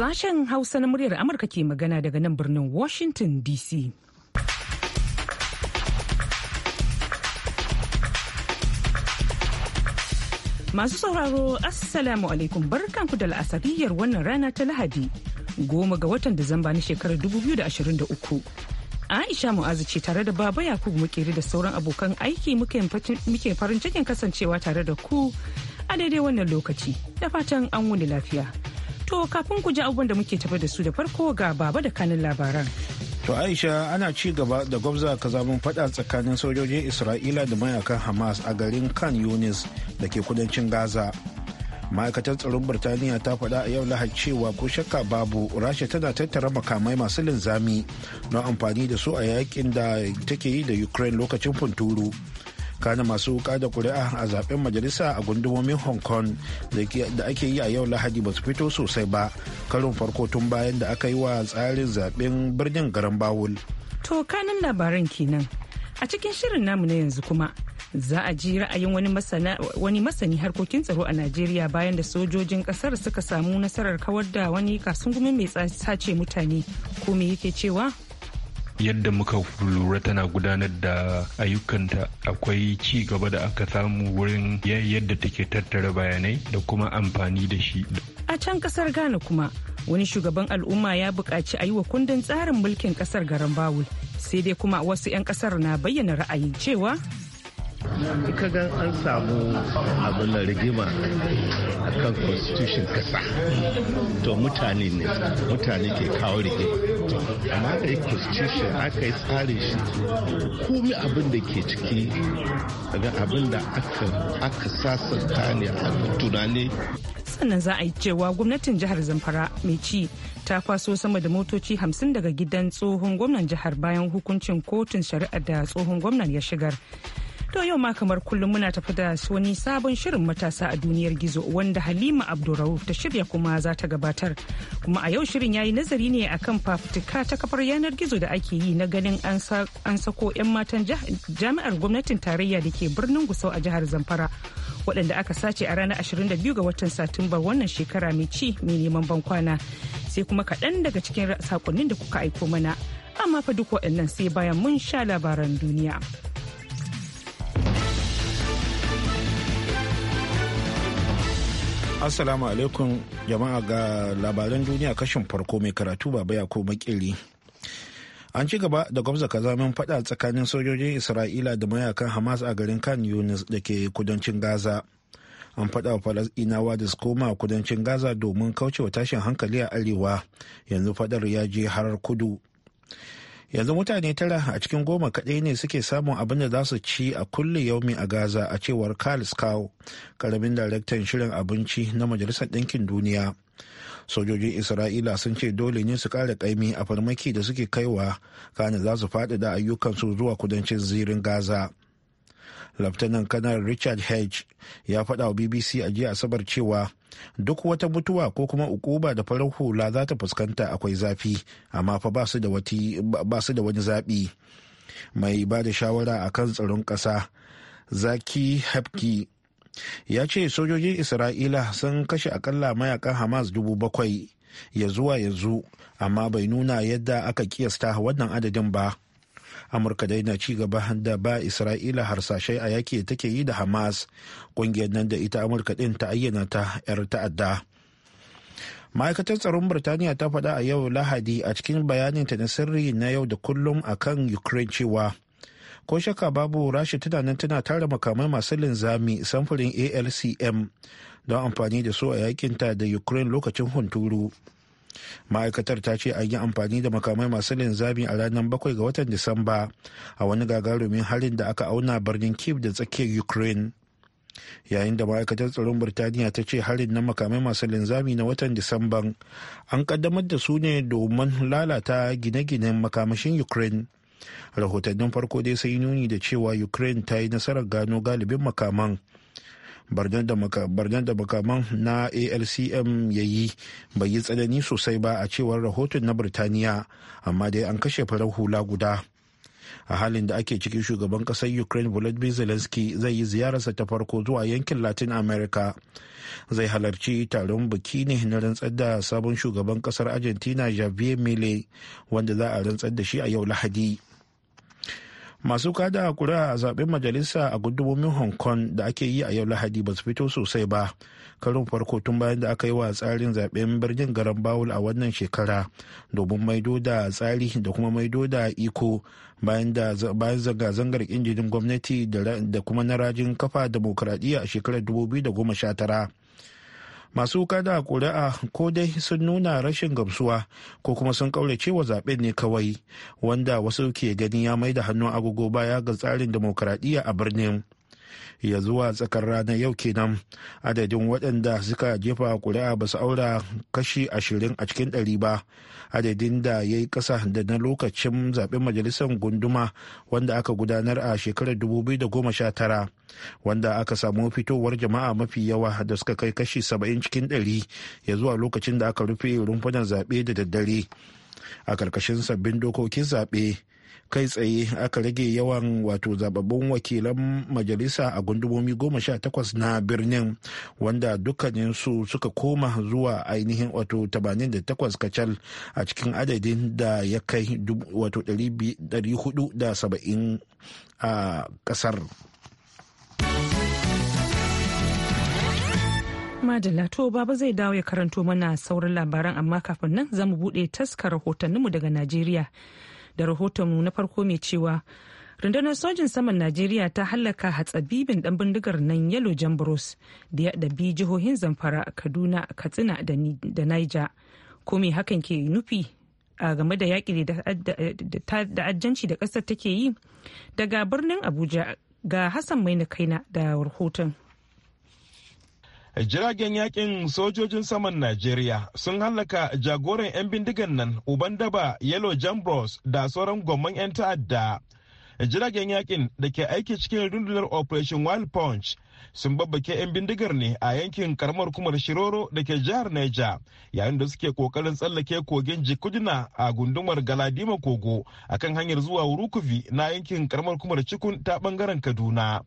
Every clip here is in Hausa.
Sashen Hausa na muryar Amurka ke magana daga nan birnin Washington DC. Masu sauraro Assalamu alaikum barkanku da la'asariyar wannan rana ta Lahadi goma ga watan Disamba na shekarar 2023. Aisha Mu'azu ce tare da Baba Yakubu Mukeri da sauran abokan aiki muke farin cikin kasancewa tare da ku a daidai wannan lokaci da fatan an wuni lafiya. To kafin ku ji abubuwan da muke tafi da su da farko ga baba da kanin labaran. To Aisha ana ci gaba da gwabza kazamin fada tsakanin sojojin Isra'ila da mayakan Hamas a garin Khan Yunis da ke kudancin Gaza. Ma'aikatar tsaron Birtaniya ta faɗa a yau lahar cewa ko shakka babu Rasha tana tattara makamai masu linzami don amfani da su a yakin da take yi da Ukraine lokacin funturu. kana masu wuka da kuri'a a zaben majalisa a gundumomin hong kong da ake yi a yau lahadi ba su fito sosai ba karin farko tun bayan da aka yi wa tsarin zaben birnin garan bawul to kanan labaran kenan a cikin shirin namu na yanzu kuma za a ji ra'ayin wani masani harkokin tsaro a najeriya bayan da sojojin kasar suka samu nasarar kawar da wani kasungumin mai sace mutane ko me yake cewa yadda muka lura tana gudanar da ayyukanta akwai ci gaba da aka samu wurin yadda take tattara bayanai da kuma amfani da shi a can kasar ghana kuma wani shugaban al'umma ya buƙaci a yi wa kundin tsarin mulkin kasar garan bawul sai dai kuma wasu 'yan kasar na bayyana ra'ayin cewa ka ga an samu abin rigima a kan constitution kasa to mutane ne mutane ke kawo rigima amma yi constitution aka yi tsarin shi komi abin da ke ciki daga abin da aka sasanta ne a tunani sannan za a yi cewa gwamnatin jihar zamfara mai ci ta kwaso sama da motoci hamsin daga gidan tsohon gwamnan jihar bayan hukuncin kotun shari'a da tsohon gwamnan ya shigar To yau ma kamar kullum muna tafi da wani sabon shirin matasa a duniyar gizo wanda Halima Abdulrauf ta shirya kuma za ta gabatar. Kuma a yau shirin yayi nazari ne akan fafutuka ta kafar yanar gizo da ake yi na ganin an sako 'yan matan jami'ar gwamnatin tarayya da ke birnin Gusau a jihar Zamfara. waɗanda aka sace a ranar 22 ga watan Satumba wannan shekara mai ci mai neman bankwana sai kuma kaɗan daga cikin sakonnin da kuka aiko mana amma fa duk waɗannan sai bayan mun sha labaran duniya. Assalamu alaikum jama'a ga labaran duniya kashin farko mai karatu ba ya ko makili. An ci gaba da gwamza kazamin fada tsakanin sojojin Isra'ila da mayakan Hamas a garin Khan Yunis da ke kudancin Gaza. An fada wa Falasɗinawa da su koma kudancin Gaza domin kaucewa tashin hankali a arewa yanzu fadar ya je harar kudu. yanzu mutane tara a cikin goma kaɗai ne suke samun abin da za su ci a kulle yaumi a gaza a cewar carl scow karamin daraktan shirin abinci na majalisar ɗinkin duniya sojojin isra'ila sun ce dole ne su ƙara ƙaimi a farmaki da suke kaiwa kana za su faɗi faɗaɗa ayyukansu zuwa kudancin zirin gaza laftanan kanar richard hedge ya faɗa wa bbc a jiya asabar cewa duk wata mutuwa ko kuma ukuba da farar hula za ta fuskanta akwai zafi amma fa ba su da wani zaɓi mai ba da shawara a kan tsaron ƙasa zaki hapki ya ce sojojin isra'ila sun kashe akalla mayakan hamas dubu bakwai ya zuwa yanzu amma bai nuna yadda aka kiyasta wannan adadin ba. amurka dai na ci gaba da ba isra'ila harsashai a yaki da take yi da hamas ƙungiyar nan da ita amurka din ta ayyana ta 'yar ta'adda ma'aikatar tsaron birtaniya ta faɗa a yau lahadi a cikin bayanin ta na sirri na yau da kullum a kan ukraine cewa ko shaka babu rashi tunanin tana tara makamai masu linzami samfurin alcm don amfani da su a yakinta da ukraine lokacin hunturu ma'aikatar ta ce a yi amfani da makamai masu linzami a ranar bakwai ga watan disamba a wani gagarumin harin da aka auna birnin kiev da tsakiyar ukraine yayin da ma'aikatar tsaron birtaniya ta ce harin na makamai masu linzami na watan disamban an kaddamar da su ne domin lalata gine-ginen makamashin ukraine rahotannin farko dai sai nuni da cewa ukraine ta yi nasarar gano galibin makaman barnar da makaman na alcm ya yi bai yi tsanani sosai ba a cewar rahoton na birtaniya amma dai an kashe farar hula guda a halin da ake cikin shugaban kasar ukraine volodymyr zelensky zai yi ziyararsa ta farko zuwa yankin latin america zai halarci taron biki ne na rantsar da sabon shugaban kasar argentina javier mille wanda za a rantsar da shi a yau lahadi masu kada a kura a zaɓen majalisa a gudumomin hong kong da ake yi a yau lahadi ba su fito sosai ba karin farko tun bayan da aka yi wa tsarin zaɓen birnin garan bawul a wannan shekara domin maido da tsari da kuma maido da iko bayan zanga-zangar injinin gwamnati da kuma na rajin kafa demokradiyya a shekarar 2019 masu kada kuri'a ko dai sun nuna rashin gamsuwa ko kuma sun kaurace wa zaben ne kawai wanda wasu ke gani ya mai da hannun agogo baya ga tsarin dimokuraɗiyya a birnin ya zuwa tsakar ranar yau kenan adadin waɗanda suka jefa ƙuri'a ba su aura kashi ashirin a cikin ɗari ba adadin da ya yi ƙasa da na lokacin zaɓen majalisar gunduma wanda aka gudanar a shekarar 2019 wanda aka samu fitowar jama'a mafi yawa da suka kai kashi saba'in cikin ɗari ya zuwa lokacin da aka rufe rumfunan zaɓe da daddare a ƙarƙashin sabbin dokokin zaɓe kai tsaye aka rage yawan wato zababbun wakilan majalisa a gundumomi goma sha takwas na birnin wanda dukkaninsu suka koma zuwa ainihin wato tabanin da takwas kacal a cikin adadin da ya kai wato dari hudu da saba'in a kasar. Madalla to baba zai dawo ya karanto mana sauran labaran amma kafin nan zamu bude buɗe taskar rahotanninmu daga Najeriya. da rahotonmu na farko mai cewa rundunar sojin saman najeriya ta hallaka hatsabibin dan bindigar nan yalo jambros da ya ɗabi jihohin zamfara kaduna katsina da niger ko mai hakan ke nufi a game da yaƙi da ajanci da ƙasar take yi daga birnin abuja ga hassan maina kaina da rahoton. jiragen yakin sojojin saman Najeriya sun hallaka jagoran 'yan bindigan nan uban daba Yellow Jambros da sauran gwamman 'yan ta'adda. Jiragen yakin da ke aiki cikin rundunar Operation Wild Punch sun babbake 'yan bindigar ne a yankin karamar kumar Shiroro da ke jihar Neja yayin da suke kokarin tsallake kogin Jikuduna a gundumar Galadima Kogo akan hanyar zuwa Wurukuvi na yankin karamar kumar Cikun ta bangaren Kaduna.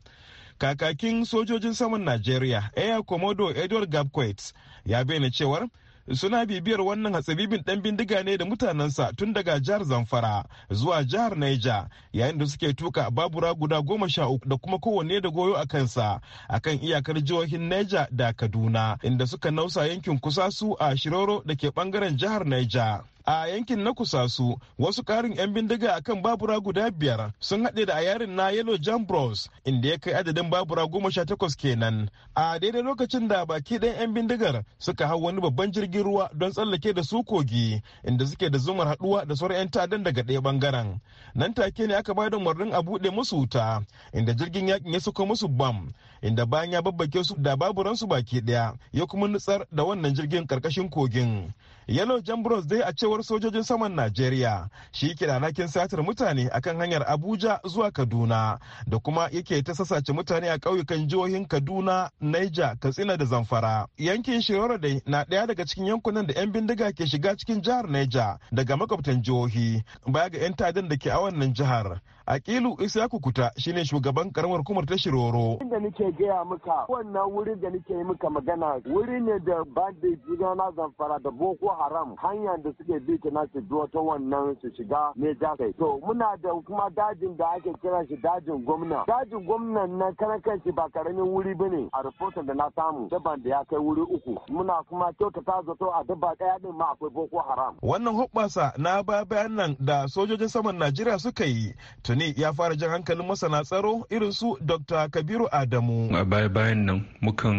kakakin sojojin saman najeriya air komodo edward gabquet ya bayyana cewar suna bibiyar wannan hatsabibin dan bindiga ne da mutanensa tun daga jihar zamfara zuwa jihar niger yayin da suke tuka babura guda goma sha uku da kuma kowanne da goyo a kansa a kan iyakar jihohin niger da kaduna inda suka nausa yankin kusa su a shiroro da ke bangaren jihar niger. a yankin na kusasu wasu karin 'yan bindiga akan babura guda biyar sun haɗe da a yarin na yellow jam bros inda ya kai adadin babura goma sha takwas kenan a daidai lokacin da baki ɗayan 'yan bindigar suka hau wani babban jirgin ruwa don tsallake da su kogi inda suke da zumar haɗuwa da sauran 'yan ta'addan daga ɗaya bangaren nan take ne aka ba da umarnin a buɗe musu wuta inda jirgin yakin ya suka musu bam inda bayan ya babbake su da baburansu baki daya ya kuma nutsar da wannan jirgin karkashin kogin yellow jambros dai a cewar sojojin saman najeriya shi ke ranakin satar mutane akan hanyar abuja zuwa kaduna da kuma yake ta sasace mutane a ƙauyukan jihohin kaduna niger katsina da zamfara yankin shirora dai na ɗaya daga cikin yankunan da 'yan bindiga ke shiga cikin jihar niger daga makwabtan jihohi baya ga 'yan tadin da ke a wannan jihar Akilu Isaku Kuta shine shugaban karamar kumar ta Shiroro. Inda nake gaya maka wannan wurin da nake yi maka magana wuri ne da bandit na zamfara da Boko Haram hanyar da suke bi na nasu ta wannan su shiga ne kai. To muna da kuma dajin da ake kira shi dajin gwamna. Dajin gwamna na kanakan shi ba karamin wuri bane a rahoton da na samu daban da ya kai wuri uku. Muna kuma kyautata zato a daba daya din ma akwai Boko Haram. Wannan hoɓɓasa na bayan nan da sojojin saman Najeriya suka yi tuni ya fara jan hankalin masana tsaro irin su dr kabiru adamu a baya bayan nan mukan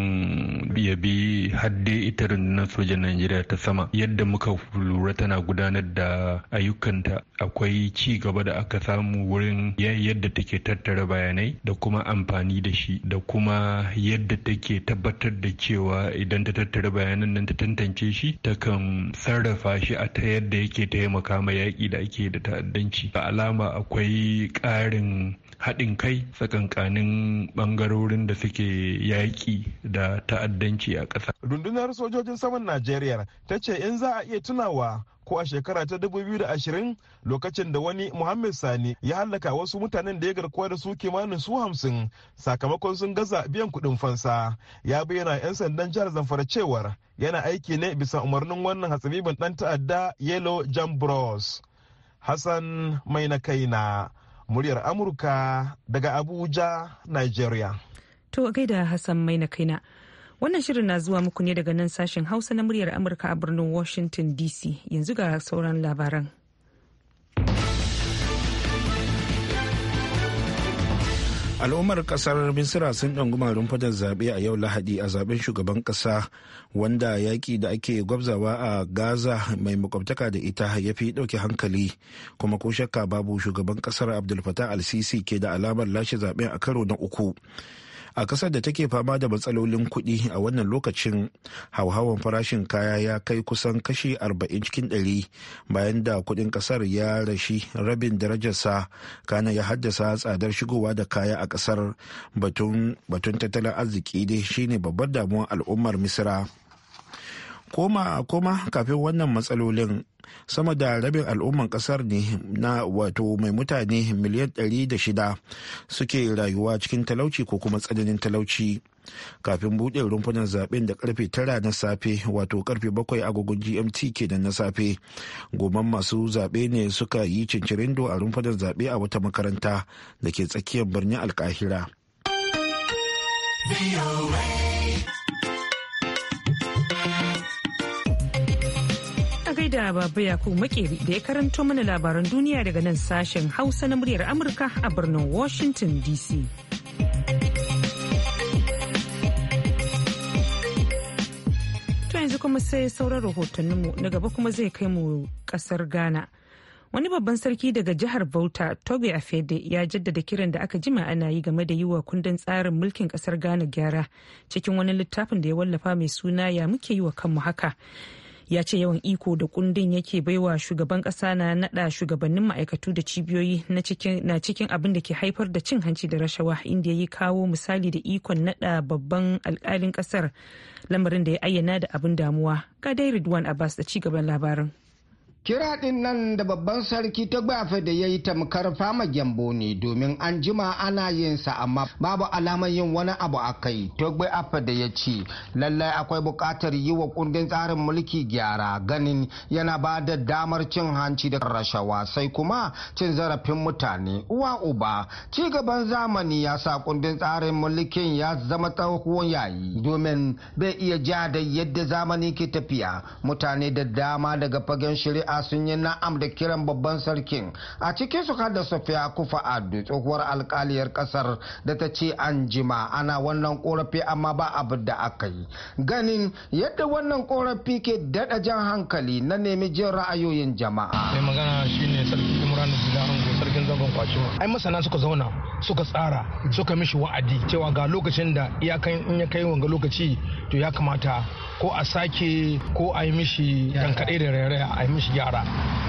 biya bi hadde ita na sojan najeriya ta sama yadda muka lura tana gudanar da ayyukanta akwai ci gaba da aka samu wurin yadda take tattara bayanai da kuma amfani da shi da kuma yadda take tabbatar da cewa idan ta tattara bayanan nan ta tantance shi takan sarrafa shi a ta yadda yake taimaka ma yaƙi da ake da ta'addanci alama akwai karin haɗin kai tsakankanin ɓangarorin da suke yaƙi da ta'addanci a ƙasa. rundunar sojojin saman najeriya ta ce in za a iya tunawa ko a shekara ta 2020 lokacin da wani Muhammad Sani ya hallaka wasu mutanen da ya garkuwa da su kimanin su hamsin sakamakon sun gaza biyan kuɗin fansa. Ya bayyana 'yan sandan jihar Zamfara cewar yana aiki ne bisa umarnin wannan hatsabibin ɗan ta'adda Yellow Jambros. Hassan Mai na kaina. muryar amurka daga abuja nigeria to gaida hassan mai na kaina wannan shirin na zuwa muku ne daga nan sashen hausa na muryar amurka a birnin washington dc yanzu ga sauran labaran al'ummar kasar misira sun ɗanguma rumfatar zaɓe a yau lahadi a zaben shugaban ƙasa wanda yaƙi da ake gwabzawa a gaza mai makwabtaka da ita ya fi ɗauke hankali kuma ko shakka babu shugaban ƙasar abdul fattah al-sisi ke da alamar lashe zaɓen a karo na uku a ƙasar da take fama da matsalolin kuɗi a wannan lokacin hauhawan farashin kaya ya kai kusan kashi 40 cikin 100 bayan da kuɗin ƙasar ya rashi rabin darajarsa kana ya haddasa tsadar shigowa da kaya a ƙasar batun tattalin arziki dai shine babbar damuwar al'ummar misira koma koma kafin wannan matsalolin sama da rabin al'umman kasar ne na wato mai mutane miliyan 600 suke rayuwa cikin talauci ko kuma tsananin talauci kafin buɗe rumfunan zaben da karfe tara na safe wato karfe bakwai agogon gmt kenan na safe goman masu zaɓe ne suka yi cincirindo a rumfunan zaɓe a wata makaranta da ke tsakiyar birnin alkahira. da Baba Yakubu Makeri da ya karanto mana labaran duniya daga nan sashen Hausa na muryar Amurka a birnin Washington DC. To yanzu kuma sai sauran rahotanninmu na gaba kuma zai kai mu kasar Ghana. Wani babban sarki daga jihar Bauta, Togo Afede, ya jaddada kiran da aka jima ana yi game da yi wa kundin tsarin mulkin kasar Ghana gyara cikin wani littafin da ya wallafa mai suna ya muke yi wa kanmu haka. ya ce yawan iko da kundin yake baiwa shugaban kasa na nada shugabannin ma'aikatu da cibiyoyi na cikin abin da ke haifar da cin hanci da rashawa inda ya yi kawo misali da ikon nada babban alkalin kasar lamarin da ya ayyana da abin damuwa ga dai ridwan abbas da cigaban labarin Kira ɗin nan da babban sarki ta gbafe da ya yi tamkar fama gyambo ne domin an jima ana yin sa amma babu alamar yin wani abu a kai. Togbe Afa da ya ce lallai akwai buƙatar yi wa kundin tsarin mulki gyara ganin yana ba da damar cin hanci da rashawa sai kuma cin zarafin mutane. Uwa uba ci gaban zamani ya sa kundin tsarin mulkin ya zama tsawon yayi domin bai iya ja da yadda zamani ke tafiya mutane da dama daga fagen shari'a jama'a sun yi na'am da kiran babban sarkin a cikin su da Safiya Kufa a tsohuwar alkaliyar kasar da ta ce an jima ana wannan korafi amma ba abu da aka yi ganin yadda wannan korafi ke dada jan hankali na nemi jin ra'ayoyin jama'a. magana shine sarki Ibrahim Bilahan go sarkin zangon ai masana suka zauna suka tsara suka mishi wa'adi cewa ga lokacin da iyakan in ya kai wanga lokaci to ya kamata ko a sake ko a yi mishi tankaɗe da rairaya a yi mishi gyara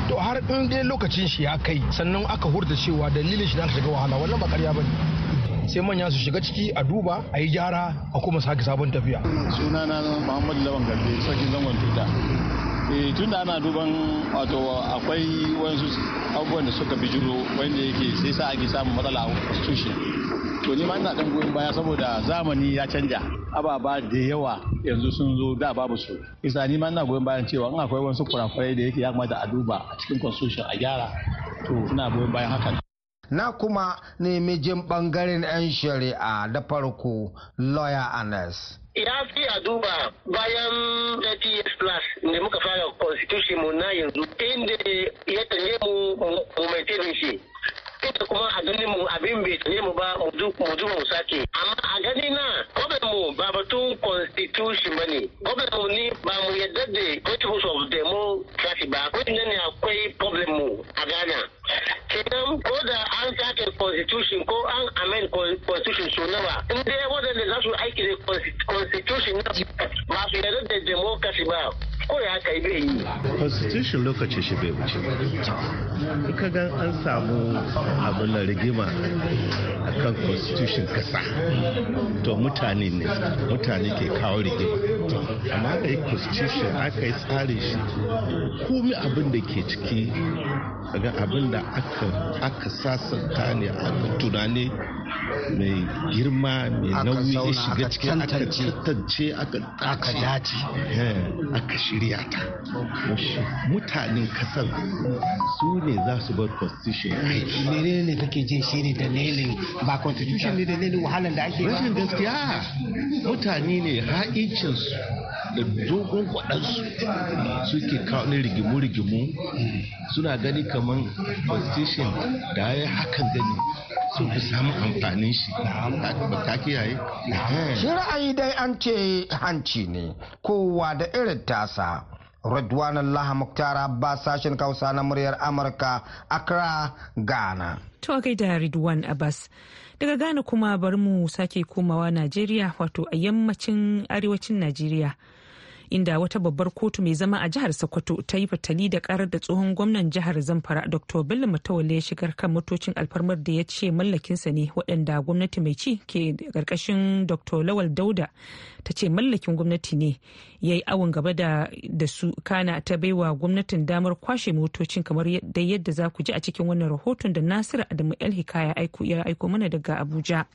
to har in dai lokacin shi ya kai sannan aka hurta cewa dalilin shi na shiga wahala wannan ba ƙarya bane sai manya su shiga ciki a duba a yi gyara a kuma sake sabon tafiya sunana muhammadu lawan garbe sarkin zangon tuta Eh, tun da ana duban wato akwai wasu abubuwan da suka bijiro wanda yake sai sa ake samun matsala a constitution to ni ma ina dan goyon baya saboda zamani ya canja ababa da yawa yanzu sun zo da babu su isa ni ma ina goyon bayan cewa in akwai wasu kurakurai da yake ya kamata a duba a cikin constitution a gyara to ina goyon bayan haka. na kuma nemi jin bangaren 'yan shari'a da farko lawyer Anas. ya fi a duba bayan fiye. plus ne muka fara constitution mu na yanzu inda ya tanye mu mu maintain shi ita kuma a ganin mu abin bai tanye mu ba mu ju mu sake amma a gani na problem mu ba batun constitution ne problem mu ni ba mu yadda da principles of demo constitution ko an amend constitution so nawa in dai waɗanda za su aiki da constitution masu yarda da democracy ba ko ya kai bai yi constitution lokaci shi bai wuce ka ga an samu abin da rigima a kan constitution kasa to mutane ne mutane ke kawo rigima amma aka yi constitution aka yi tsarin shi komi abin da ke ciki ga abin da aka sasanta ne aka tunani mai girma mai nauyi ya shiga cikin aka tantance aka dace eh, aka shi shirya ta mutanen kasar su ne za su bar constitution aiki ne ne kake jin shi ne dalilin ba constitution ne da dalilin wahalar da ake rashin gaskiya mutane ne ha'incinsu da dogon kwaɗansu suke kawo rigimu-rigimu suna gani kamar constitution da ya hakan gani sun fi samun amfanin shi ba ta kiyaye eh. shi ra'ayi dai an ce hanci ne kowa da irin tasa Radwan Allah Muktar Abbas sashen Kausa na muryar Amurka Accra Ghana. To da Ridwan Abbas. Daga Ghana kuma bari mu sake komawa Najeriya wato a yammacin arewacin Najeriya. inda wata babbar kotu mai zama a jihar sokoto ta yi fatali da karar da tsohon gwamnan jihar zamfara dr bello mutawalle ya shigar kan motocin alfarmar da ya ce mallakinsa ne waɗanda gwamnati mai ci ke karkashin dr lawal dauda ta ce mallakin gwamnati ne ya yi awon gaba da su kana ta baiwa gwamnatin damar kwashe motocin kamar da yadda za ku ji a cikin wannan rahoton da nasiru adamu el hikaya ya aiko mana daga abuja.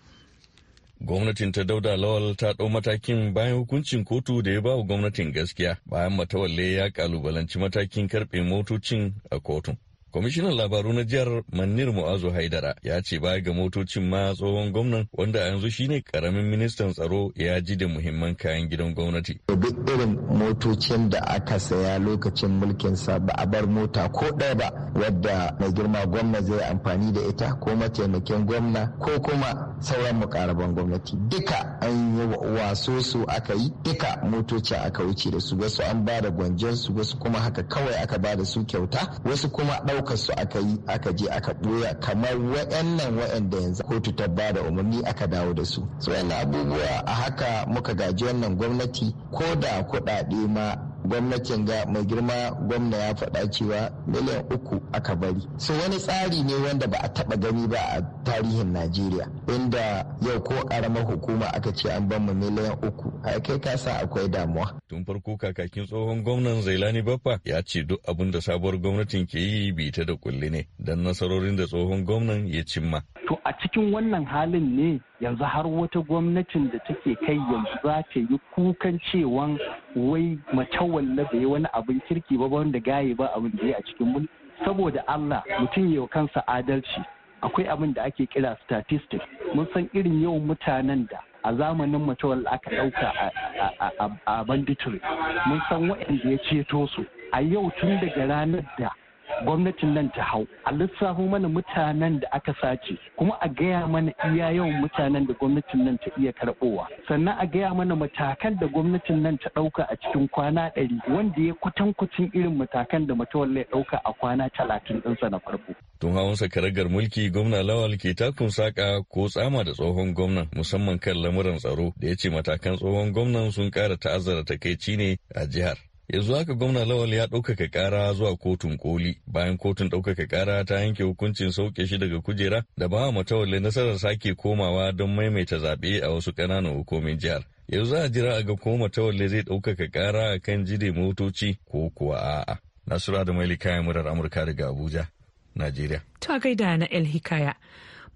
Gwamnatin ta Dauda Lawal ta ɗau matakin bayan hukuncin kotu da ya ba wa gwamnatin gaskiya bayan matawalle ya kalubalanci matakin karɓe motocin a kotun. Kwamishinan labaru na jihar Manir Mu'azu Haidara ya ce baya ga motocin ma tsohon gwamnan wanda a yanzu shine karamin ministan tsaro ya ji da muhimman kayan gidan gwamnati. Duk irin motocin da aka saya lokacin mulkin sa ba a bar mota ko ɗaya ba wadda mai girma gwamna zai amfani da ita ko mataimakin gwamna ko kuma sauran mukarraban gwamnati duka an waso su aka yi duka motoci aka wuce da su wasu an ba da gwanjon su wasu kuma haka kawai aka ba da su kyauta wasu kuma ɗaukar su aka yi aka je aka boya kamar waɗannan waɗanda yanzu kotu ta ba da umarni aka dawo da su so yana abubuwa a haka muka gaji wannan gwamnati ko da kuɗaɗe ma gwamnatin ga mai girma gwamna ya faɗa cewa miliyan uku aka bari so wani tsari ne wanda ba a taɓa gani ba a tarihin najeriya inda yau ko ƙaramar hukuma aka ce an ban mu miliyan uku a kai ka akwai damuwa tun farko kakakin tsohon gwamnan zailani baffa ya ce duk abin da sabuwar gwamnatin ke yi bi ta da kulli ne don nasarorin da tsohon gwamnan ya cimma to a cikin wannan halin ne yanzu har wata gwamnatin da take kai yanzu za ta yi kukan cewa wai mace wanda bai wani abin kirki ba wanda gaye ba abin da ya a cikin mulki saboda Allah mutum yau kansa adalci akwai abin da ake kira statistics mun san irin yawan mutanen da a zamanin mutuwar aka ɗauka a banditry mun san waɗanda ya ceto su a yau tun daga ranar da gwamnatin nan ta hau a lissafo mana mutanen da aka sace kuma a gaya mana iya yawan mutanen da gwamnatin nan ta iya karɓowa sannan a gaya mana matakan da gwamnatin nan ta ɗauka a cikin kwana ɗari wanda ya kwatankwacin irin matakan da matawalla ya ɗauka a kwana talatin ɗinsa na farko. tun hawan sakaragar mulki gwamna lawal ke takun saka ko tsama da tsohon gwamnan musamman kan lamuran tsaro da ya ce matakan tsohon gwamnan sun ƙara ta'azzara takaici ne a jihar yanzu haka gwamna lawal ya ɗaukaka ƙara zuwa kotun koli bayan kotun ɗaukaka ƙara ta yanke hukuncin sauke shi daga kujera da ba matawalle nasarar sake komawa don maimaita zaɓe a wasu ƙananan hukumin jihar yanzu za a jira a ga ko matawalle zai ɗaukaka ƙara a kan jide motoci ko kuwa a'a nasura da maili kayan murar amurka daga abuja najeriya ta gaida na el hikaya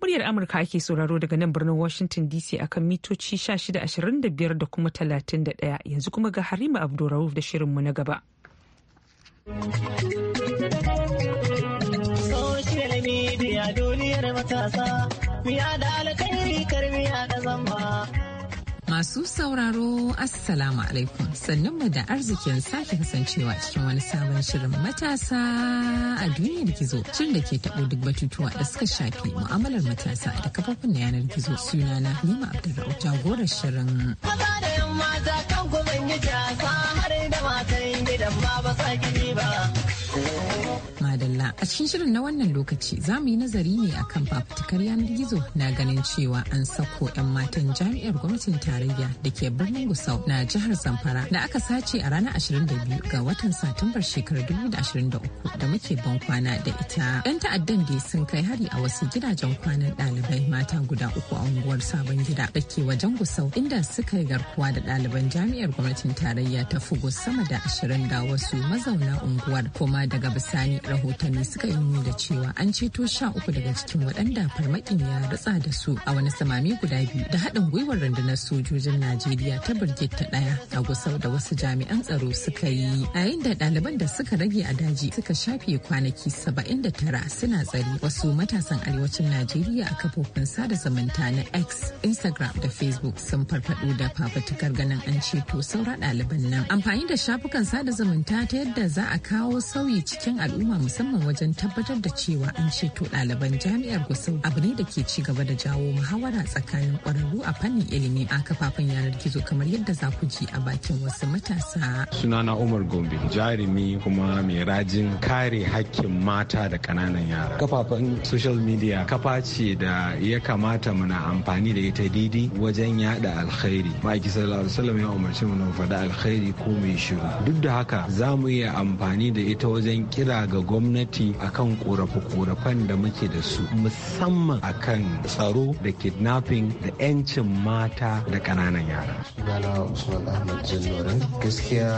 Muryar Amurka ake sauraro daga nan birnin Washington DC akan mitoci 1625 da kuma 31 yanzu kuma ga Harima Abdulrauf da shirinmu na gaba. Social media duniyar matasa, Masu sauraro Assalamu alaikum sannan mu da arzikin sake kasancewa cikin wani sabon shirin matasa a duniyar gizo shirin da ke taɓo duk batutuwa da suka shafi mu'amalar matasa da kafofin yanar gizo sunana Nima Abdulrahman jagorar shirin. Maza da kan da matan gidan Allah A cikin shirin na wannan lokaci za mu yi nazari ne akan fafutukar yanar gizo na ganin cewa an sako 'yan matan jami'ar gwamnatin tarayya da ke birnin Gusau na jihar Zamfara da aka sace a ranar 22 ga watan Satumbar shekarar 2023 da muke ban kwana da ita. 'Yan ta'addan dai sun kai hari a wasu gidajen kwanan ɗalibai mata guda uku a unguwar Sabon Gida da ke wajen Gusau inda suka yi garkuwa da ɗaliban jami'ar gwamnatin tarayya ta Fugus sama da 20 da wasu mazauna unguwar kuma daga bisani rahoton rahotanni suka yi nuni da cewa an ceto sha uku daga cikin waɗanda farmakin ya ratsa da su a wani samami guda biyu da haɗin gwiwar rundunar sojojin najeriya ta birgit ta ɗaya a gusau da wasu jami'an tsaro suka yi yayin da ɗaliban da suka rage a daji suka shafe kwanaki saba'in da tara suna tsari wasu matasan arewacin najeriya a kafofin sada zumunta na x instagram da facebook sun farfaɗo da fafatukar ganin an ceto saura ɗaliban nan amfani da shafukan sada zumunta ta yadda za a kawo sauyi cikin al'umma musamman musamman wajen tabbatar da cewa an ceto ɗaliban jami'ar Gusau abu ne da ke ci gaba da jawo muhawara tsakanin ƙwararru a fannin ilimi a kafafen yanar gizo kamar yadda za ku ji a bakin wasu matasa. Sunana Umar Gombe jarumi kuma mai rajin kare hakkin mata da ƙananan yara. Kafafen social media kafa ce da ya kamata muna amfani da ita daidai wajen yada alkhairi. Ma'aiki sallallahu alaihi ya umarci mu faɗa alkhairi ko mai shiru. Duk da haka za mu iya amfani da ita wajen kira ga gwamnati gwamnati akan korafe-korafen da muke da su musamman akan tsaro da kidnapping da 'yancin mata da ƙananan yara. Sunana Usman Ahmad Jalloran gaskiya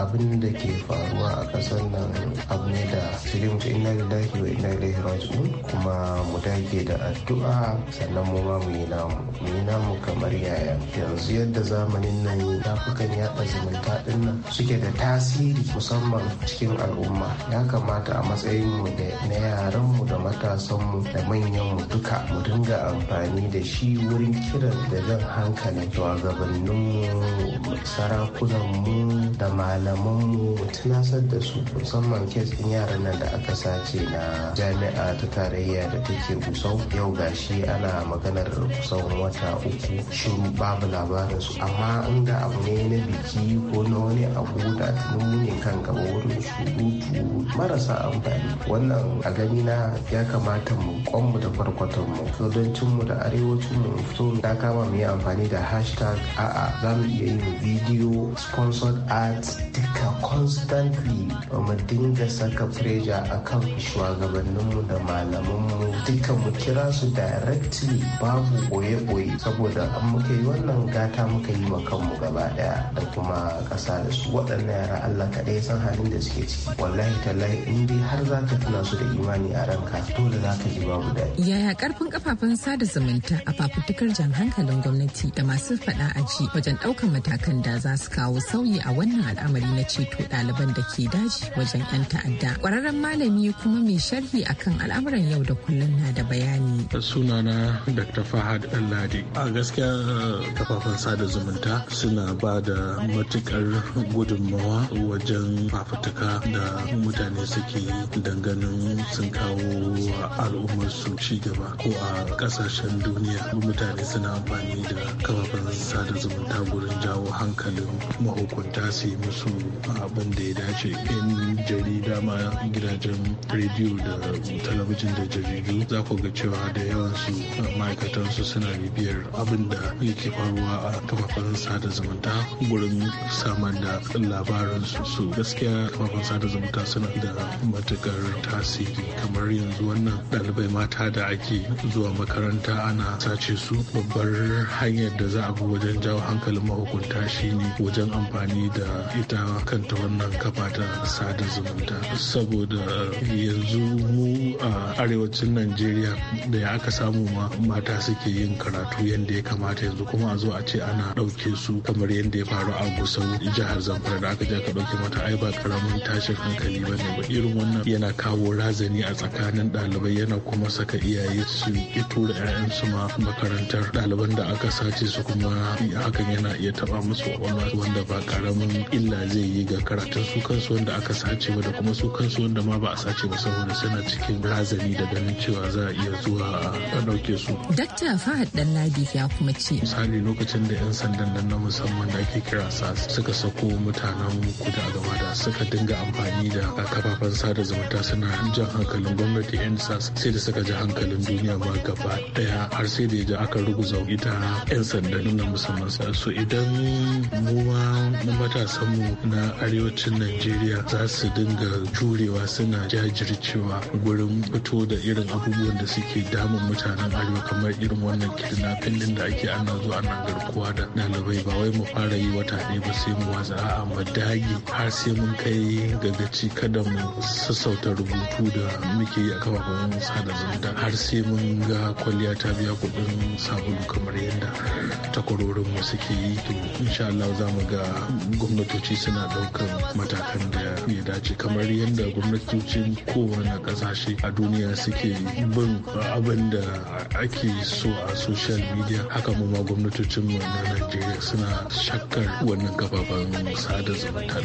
abin da ke faruwa a ƙasar nan abu ne da shirin ta ina lillahi wa ina ilaihi raji'un kuma mu dage da addu'a sannan mu ma mu yi namu mu yi namu kamar yaya yanzu yadda zamanin nan dafukan yaɗa zumunta ɗin nan suke da tasiri musamman cikin al'umma ya kamata a a matsayinmu da na yaranmu da matasanmu da manyanmu duka mu dinga amfani da shi wurin kiran da zan hankalin shugabanninmu sarakunanmu da malamanmu tunasar da su musamman kes ɗin yaran nan da aka sace na jami'a ta tarayya da take kusau yau ga shi ana maganar kusan wata uku shiru babu labarin su amma inda abu ne na biki ko na wani abu da tunan kan gaba wurin surutu marasa amfani wannan a gani na ya kamata mu kwanmu da kwarkwatan mu mu da arewacin mu fito kama mu yi amfani da hashtag a'a za mu iya yin video sponsored ads duka constantly mu dinga saka a kan shugabannin mu da malamanmu duka mu kira su directly babu boye-boye saboda an muka yi wannan gata muka yi wa kanmu gaba daya da kuma ƙasa da su waɗannan yara Allah kaɗai san halin da suke ciki wallahi tallahi in dai har za ka tuna su da imani a ranka dole za ka ji babu daɗi. Yaya karfin kafafen sada zumunta a fafutukar jan hankalin gwamnati da masu faɗa a ji wajen ɗaukan matakan da za su kawo sauyi a wannan al'amari na ceto ɗaliban da ke daji wajen 'yan ta'adda. Ƙwararren malami kuma mai sharhi akan al'amuran yau da kullum na da bayani. Sunana Dr. Fahad Alladi. A gaskiya kafafen sada zumunta suna ba da matukar gudunmawa wajen fafutuka da mutane suke danganin sun kawo al'ummar su ci gaba ko a ƙasashen duniya mutane suna amfani da kafafen sada zumunta gurin jawo hankalin mahukunta su yi musu abin da ya dace in jarida ma gidajen rediyo da talabijin da jaridu za ku ga cewa da yawan yawansu su suna bibiyar abin da yake faruwa a kafafen sada zumunta gurin samar da labaransu su gaskiya kafafen sada zumunta suna da matukar tasiri kamar yanzu wannan ɗalibai mata da ake zuwa makaranta ana sace su babbar hanyar da za a bi wajen jawo hankalin mahukunta ne wajen amfani da ita kanta wannan kafa ta sada zumunta saboda yanzu mu a arewacin najeriya da ya aka samu ma mata suke yin karatu yadda ya kamata yanzu kuma a zo a ce ana ɗauke su kamar yadda ya faru a gusau jihar zamfara da aka je aka ɗauke mata ai ba karamin tashin hankali ba ne ba irin wannan yana kawo razani a tsakanin ɗalibai yana kuma saka iyaye su ki tura 'ya'yansu ma makarantar ɗaliban da aka sace su kuma hakan yana iya taɓa musu kwakwalwa wanda ba karamin illa zai yi ga karatun su kansu wanda aka sace ba da kuma su kansu wanda ma ba a sace ba saboda suna cikin razani da ganin cewa za a iya zuwa a ɗauke su. Dakta Fahad Danladi ya kuma ce. Misali lokacin da 'yan sandan nan na musamman da ake kira SAS suka sako mutanen kuda gaba da suka dinga amfani da kafafen sa da zumunta suna jan hankalin gwamnati yan sai da suka ji hankalin duniya ba gaba daya har sai da ya aka ruguza ita yan sanda nuna musamman su idan mu ma matasan mu na arewacin najeriya za su dinga jurewa suna jajircewa gurin fito da irin abubuwan da suke damun mutanen arewa kamar irin wannan kidnapping din da ake ana zuwa ana garkuwa da ɗalibai ba wai mu fara yi wata ne ba sai mu watsa a'a mu dage har sai mun kai gagaci kada mu sassauta rubutu da muke yi a kafafen sada zumunta har sai mun ga kwalliya ta biya kuɗin sabulu kamar yadda takwarorin mu suke yi to insha Allah za mu ga gwamnatoci suna ɗaukan matakan da ya dace kamar yadda gwamnatocin kowane ƙasashe a duniya suke bin abin da ake so a social media haka mu ma gwamnatocin mu na Najeriya suna shakkar wannan kafafen sada zumunta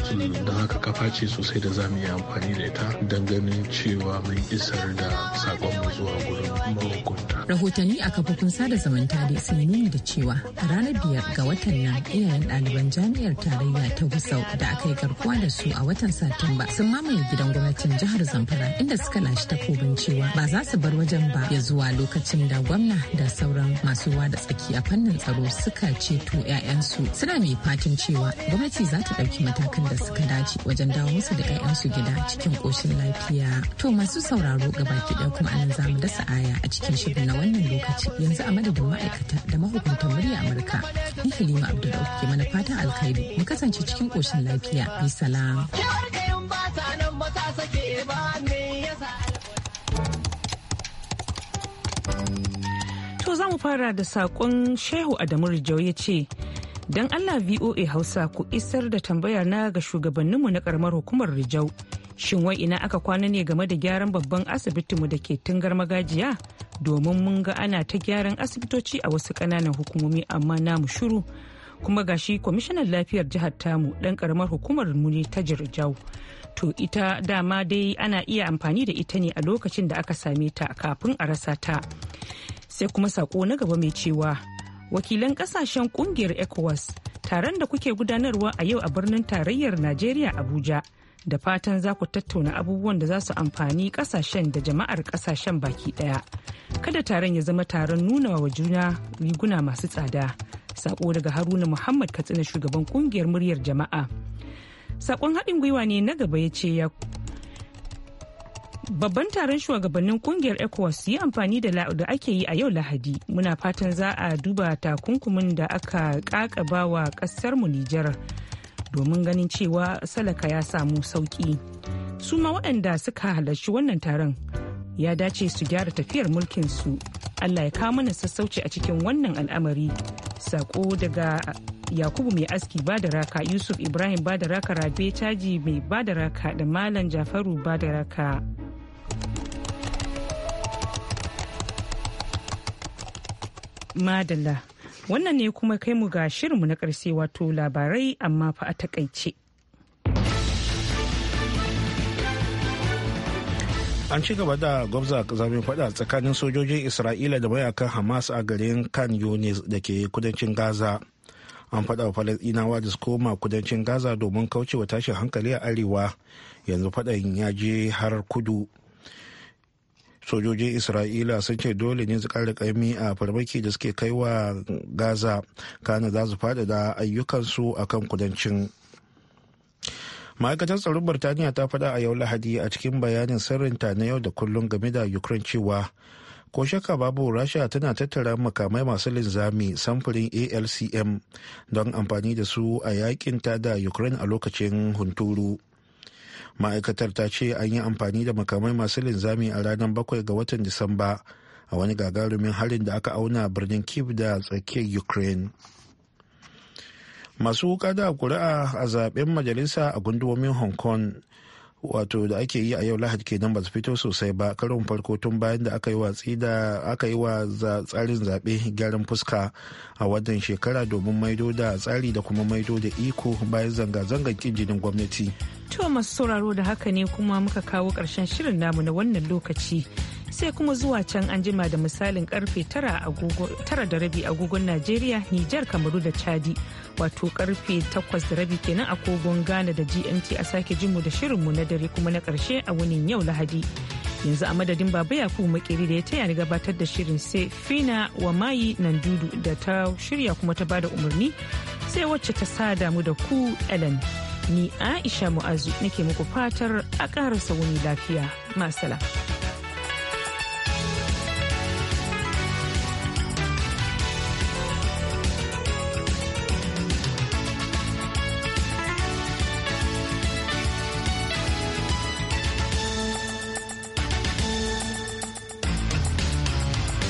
don haka kafa ce sosai da za mu yi amfani da ita matuka ganin cewa mun isar da sakon zuwa gurin mahukunta. Rahotanni a kafofin sada zumunta da sun nuna da cewa a ranar biyar ga watan nan iyayen ɗaliban jami'ar tarayya ta Gusau da aka yi garkuwa da su a watan Satumba sun mamaye gidan gwamnatin jihar Zamfara inda suka lashe takobin cewa ba za su bar wajen ba ya zuwa lokacin da gwamna da sauran masu ruwa da tsaki a fannin tsaro suka ceto 'ya'yansu suna mai fatan cewa gwamnati za ta ɗauki matakan da suka dace wajen dawo musu da 'ya'yansu gida cikin ƙoshin koshin lafiya. To masu sauraro gabaki ɗaya kuma anan za mu dasa aya a cikin shirin na wannan lokaci yanzu a madadin ma'aikata da mahukuntan murya Amurka. Ni Halima Abdullahi ke mana fatan alkhairi mu kasance cikin koshin lafiya. Bi salam. To za mu fara da saƙon Shehu Adamu Rijau ya ce, Don Allah VOA Hausa ku isar da tambaya na ga shugabanninmu na ƙaramar hukumar Rijau shin wai ina aka kwana ne game da gyaran babban asibitinmu da ke tungar magajiya domin mun ga ana ta gyaran asibitoci a wasu ƙananan hukumomi amma namu shuru kuma gashi kwamishinan lafiyar jihar tamu ɗan ƙaramar hukumar mu ne ta jirjau to ita dama dai ana iya amfani da ita ne a lokacin da aka same ta kafin a rasa ta sai kuma sako na gaba mai cewa wakilan kasashen kungiyar ecowas taron da kuke gudanarwa a yau a birnin tarayyar najeriya abuja da fatan za ku tattauna abubuwan da za su amfani kasashen da jama'ar kasashen baki daya kada taron ya zama taron nuna wa juna riguna masu tsada sako daga haruna muhammad katsina shugaban kungiyar muryar jama'a sakon haɗin gwiwa ne na gaba ya ce ya babban taron shugabannin kungiyar ecowas yi amfani da ake yi a yau lahadi muna fatan za a duba takunkumin da aka kakaba wa kasar mu nijar domin ganin cewa salaka ya samu sauki suma ma waɗanda suka halarci wannan taron ya dace su gyara tafiyar mulkinsu allah ya kawo mana sassauci a cikin wannan al'amari sako daga yakubu mai aski badaraka yusuf ibrahim badaraka rabe caji mai badaraka da malam jafaru badaraka madalla Wannan ne kuma kai mu ga shirinmu na ƙarshe wato labarai amma fa a takaice. An ci gaba da gwabza zamin faɗa tsakanin sojojin Isra'ila da mayakan Hamas a garin kan Yunis da ke kudancin Gaza. An faɗa wa Falasɗinawa da su koma kudancin Gaza domin kaucewa tashin hankali a arewa yanzu fadan ya je har kudu. sojojin isra'ila sun ce dole ne su kara kaimi a farmaki da suke kai wa gaza kana za su faɗaɗa ayyukansu a kan kudancin ma'aikatar tsaron birtaniya ta faɗa a yau lahadi a cikin bayanin sirrinta na yau da kullum game da ukraine cewa ko shakka babu rasha tana tattara makamai masu linzami samfurin alcm don amfani da su a yakin ta da ukraine a lokacin hunturu ma'aikatar ta ce an yi amfani da makamai masu linzami a ranar bakwai ga watan disamba a wani gagarumin harin da aka auna a birnin kiev da tsakiyar ukraine masu wuka da kuri'a a zaben majalisa a gundumomin hong kong wato da ake yi a yau lahadi kenan ba su fito sosai ba karin farko tun bayan da aka yi wa tsida aka yi wa tsarin zaɓe gyaran fuska a wannan shekara domin maido da tsari da kuma maido da iko bayan zanga-zangar kin jinin gwamnati. To masu sauraro da haka ne kuma muka kawo ƙarshen shirin namu na wannan lokaci. sai kuma zuwa can an jima da misalin karfe tara da rabi agogon Najeriya, Nijar, Kamaru da Chadi. wato karfe takwas da rabi kenan a kogon Ghana da GMT a sake jinmu da shirinmu na dare kuma na karshe a wunin yau Lahadi. Yanzu a madadin Baba Yakubu Makeri da ya taya ni gabatar da shirin sai Fina wa Mayi dudu da ta shirya kuma ta bada umarni sai wacce ta sa damu da ku Ellen. Ni Aisha Mu'azu nake muku fatar a ƙarasa wani lafiya. Masala.